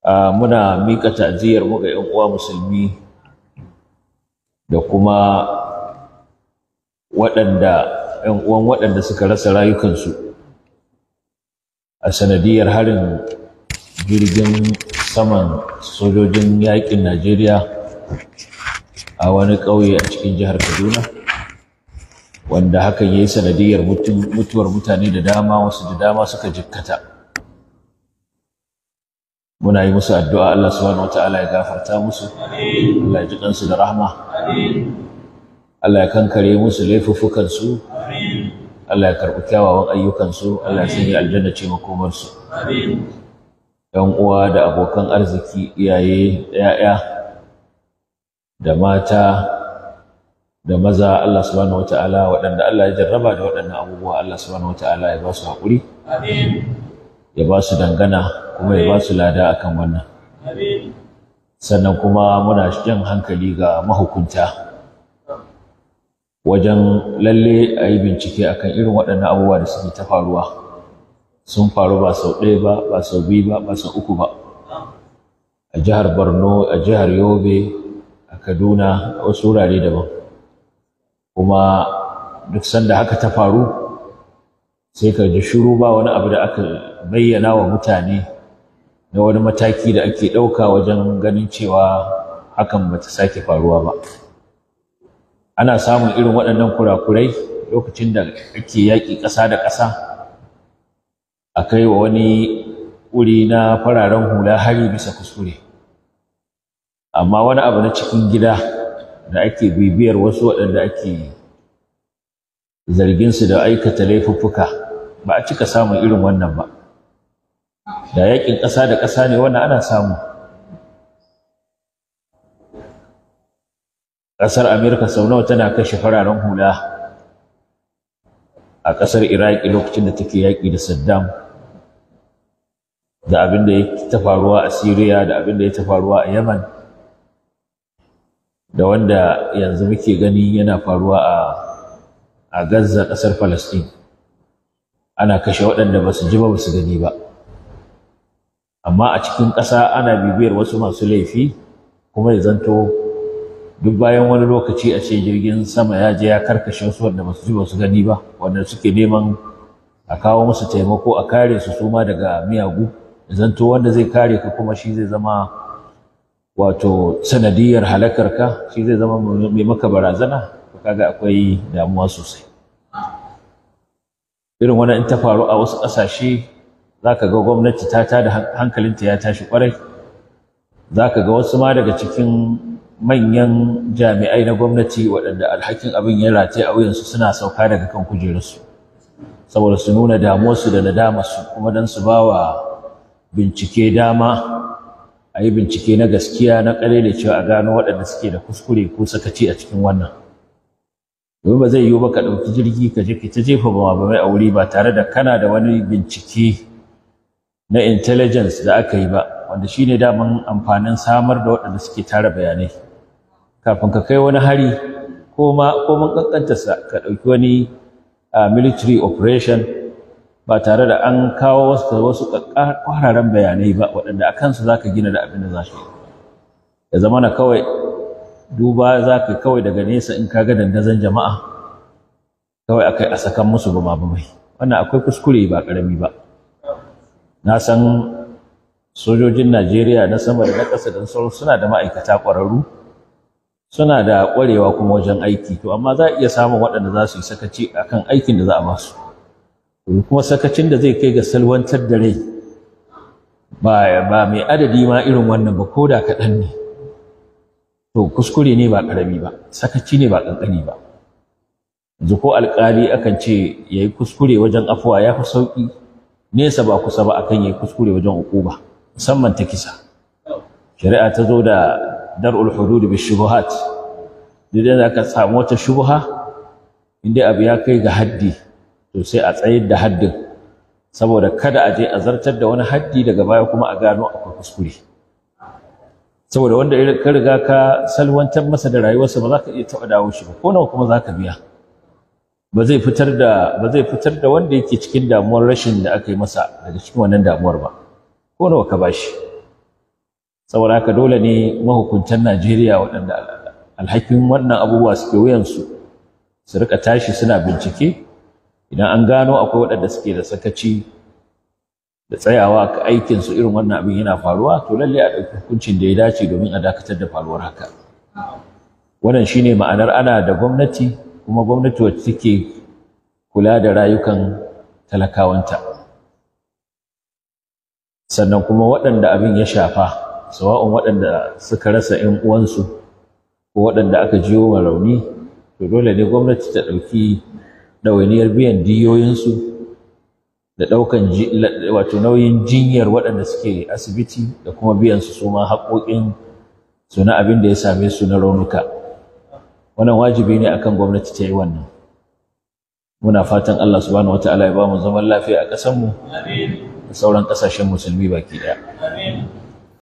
Ah, muna miƙa ta'aziyar mu ga 'yan uwa musulmi da kuma waɗanda 'yan uwan waɗanda suka rasa rayukansu a sanadiyar harin jirgin saman sojojin yaƙin Najeriya a wani ƙauye a cikin jihar Kaduna wanda hakan ya yi sanadiyar mutuwar mutane da dama wasu da dama suka jikkata. muna yi musu addu'a Allah subhanahu wataala ya gafarta musu Allah ya ji ɗansu da rahama. Allah ya kankare musu laifufukansu su Allah ya karɓi kyawawan ayyukan su Allah ya sanya aljanna ce makomarsu. yan uwa da abokan arziki iyaye ya'ya da mata da maza Allah subhanahu wata'ala waɗanda Allah ya jarraba da waɗannan abubuwa Allah subhanahu wata'ala ya ba su haƙuri ya ba su dangana kuma ya ba su lada a kan wannan sannan kuma muna jan hankali ga mahukunta wajen lalle a yi bincike akan irin waɗannan abubuwa da suke ta faruwa sun faru ba sau ɗaya ba ba sau biyu ba ba sau uku ba a jihar borno a jihar yobe a kaduna a wasu wurare daban kuma duk sanda haka ta faru sai ka ji shuru ba wani abu da aka bayyana wa mutane na wani mataki da ake ɗauka wajen ganin cewa hakan ba ta sake faruwa ba ana samun irin waɗannan kurakurai lokacin da ake yaƙi ƙasa da ƙasa a kai wa wani wuri na fararen hula hari bisa kuskure amma wani abu na cikin gida da ake bibiyar wasu waɗanda ake su da aikata laifuffuka ba a cika samun irin wannan ba da yakin ƙasa da ƙasa ne wannan ana samu ƙasar Amurka sau nawa tana kashe fararen hula a ƙasar iraki lokacin da take yaƙi da saddam da abin da ya ta faruwa a siriya da abin da ya ta faruwa a yaman da wanda yanzu muke gani yana faruwa a a gaza ƙasar falastin ana kashe waɗanda ba su ji ba ba su gani ba amma a cikin ƙasa ana bibiyar wasu masu laifi kuma ya zanto duk bayan wani lokaci a ce jirgin sama ya je ya karkashe su wanda ba su ji ba su gani ba wanda suke neman a kawo musu taimako a kare su suma daga miyagu ya zanto wanda zai kare ka kuma shi zai zama wato sanadiyar halakar ka shi zai zama mai maka barazana kaga akwai damuwa sosai irin wani in ta faru a wasu ƙasashe zaka ga gwamnati ta ta da hankalinta ya tashi kwarai zaka ga wasu ma daga cikin manyan jami'ai na gwamnati waɗanda alhakin abin ya rataye a su suna sauka daga kan kujerarsu saboda su nuna damuwarsu da nadamarsu kuma don su ba wa bincike dama a yi bincike na gaskiya na da cewa a gano waɗanda suke da kuskure ko sakaci a cikin wannan domin ba zai yiwu ba ka ɗauki jirgi ka je ka ta jefa ba mai a wuri ba tare da kana da wani bincike na intelligence da aka yi ba wanda shine daman amfanin samar da waɗanda suke tara bayanai kafin ka kai wani hari ko ma ko mun kankanta sa ka ɗauki wani military operation ba tare da an kawo wasu wasu kwararan bayanai ba waɗanda a kansu zaka gina da abin da za yi ya zama kawai duba zaka kawai daga nesa in ka ga dandazon jama'a kawai akai a sakan musu ba ma ba wannan akwai kuskure ba ƙarami ba na san sojojin Najeriya na sama da na ƙasa da sauran suna da ma'aikata ƙwararru suna da ƙwarewa kuma wajen aiki to amma za a iya samun waɗanda za su yi sakaci a kan aikin da za a basu kuma sakacin da zai kai ga salwantar da rai ba mai adadi ma irin wannan ba ko da kaɗan ne to kuskure ne ba ƙarami ba sakaci ne ba ƙanƙani ba yanzu ko alƙali akan ce ya yi kuskure wajen afuwa ya fi sauƙi nesa ba kusa ba akan yayi kuskure wajen uquba musamman ta kisa shari'a ta zo da dar'ul hudud bi shubuhat idan aka samu wata shubha inda abu ya kai ga haddi to sai a tsayar da haddin saboda kada a je a zartar da wani haddi daga baya kuma a gano akwai kuskure saboda wanda ka riga ka salwantar masa da rayuwarsa ba za ka iya taɓa dawo shi ba ko nawa kuma za ka biya ba zai fitar da ba zai fitar da wanda yake cikin damuwar rashin da aka yi masa daga cikin wannan damuwar ba ko nawa ka bashi saboda haka dole ne mahukuntan Najeriya waɗanda alhakin wannan abubuwa suke wuyansu su rika tashi suna bincike idan an gano akwai waɗanda suke da sakaci da tsayawa ka aikin su irin wannan abin yana faruwa to lalle a ɗauki hukuncin da ya dace domin a dakatar da faruwar haka wannan shine ma'anar ana da gwamnati kuma gwamnati wacce take kula da rayukan talakawanta sannan kuma waɗanda abin ya shafa sawa'un waɗanda suka rasa 'yan uwansu ko waɗanda aka jiwo ma rauni to dole ne gwamnati ta ɗauki ɗawainiyar biyan diyoyinsu da ɗaukan wato nauyin jinyar waɗanda suke asibiti da kuma biyan su su ma haƙoƙin su na abin da ya same su na raunuka wannan wajibi ne akan gwamnati ta yi wannan muna fatan Allah subhanahu wataala ya ba mu zaman lafiya a ƙasarmu da sauran ƙasashen musulmi baki ɗaya